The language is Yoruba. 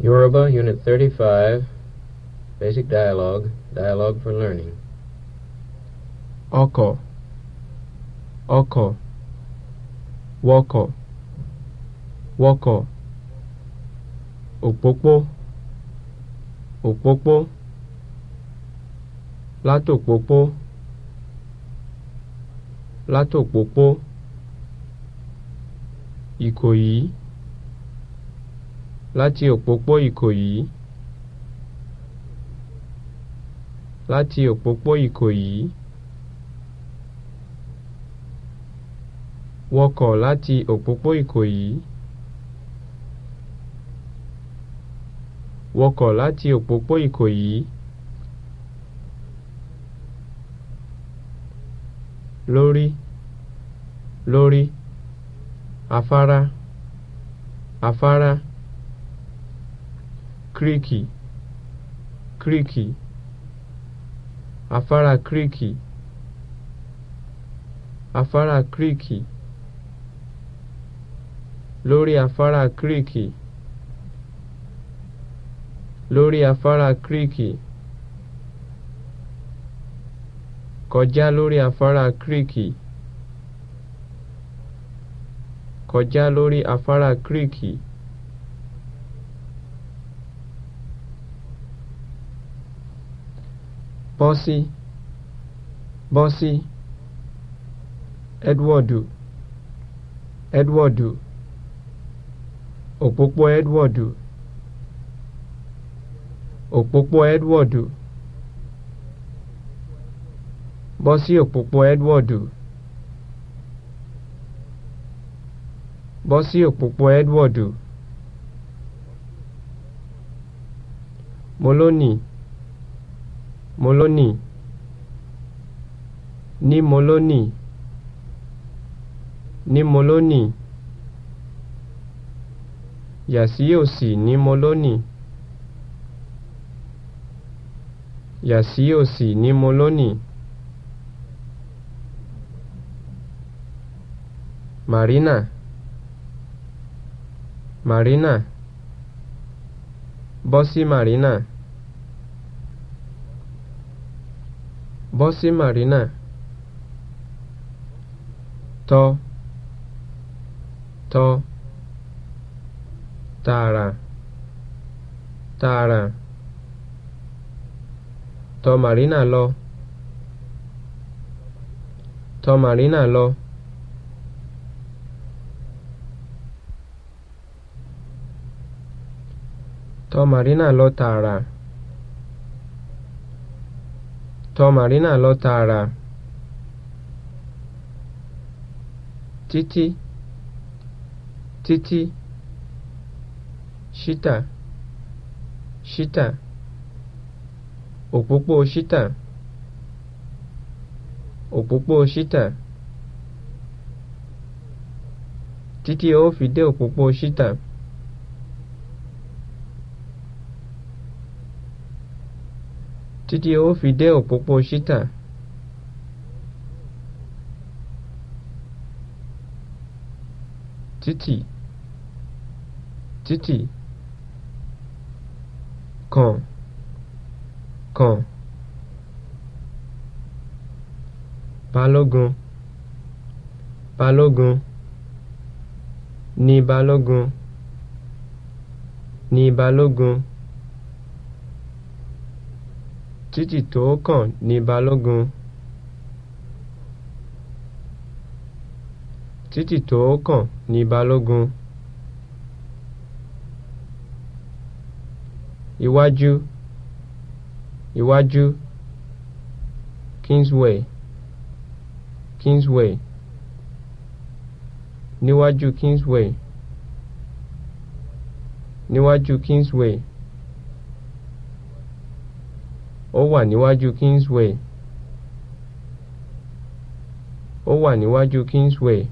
Yoruba, Unit 35, Basic Dialogue, Dialogue for Learning. Oko, Oko, Woko, Woko, Opopo, Opopo, Latopopo, Latopopo, Ikoyi. láti òpópó Ìkòyí láti òpópó Ìkòyí wọkọ̀ láti òpópó Ìkòyí wọkọ̀ láti òpópó Ìkòyí lórí lórí afárá afárá kíríkì kíríkì Afara kíríkì Afara kíríkì lórí afara kíríkì lórí afara kíríkì kọjá lórí afara kíríkì kọjá lórí afárá kíríkì. bọ́sí bọ́sí edwardu edwardu òpópó edwardu òpópó edwardu bọ́sí òpópó edwardu bọ́sí òpópó edwardu mo lónìí moloni, ní moloni, ní Maloney Yàsí òsì ní Maloney Yàsí òsì ní moloni, Marina Marina Bọ́sí Marina. bọ́ marina tọ́ tọ́ tààrà tààrà tọ̀ marina lọ tọ̀ marina lọ. tọ̀ marina lọ tààrà tọ̀ marina lọ tààrà títí títí ṣítà ṣítà òpópó ṣítà òpópó ṣítà títí ó fi dé òpópó ṣítà. títí ó fi dé òpópó ṣítà títì títì kàn kàn balógun balógun ní balógun ní balógun títì tó kàn ní balógun títì tó kàn ní balógun iwájú iwájú kingsway kingsway níwájú kingsway níwájú kingsway. ó wà níwájú Kingsway ó wà níwájú Kingsway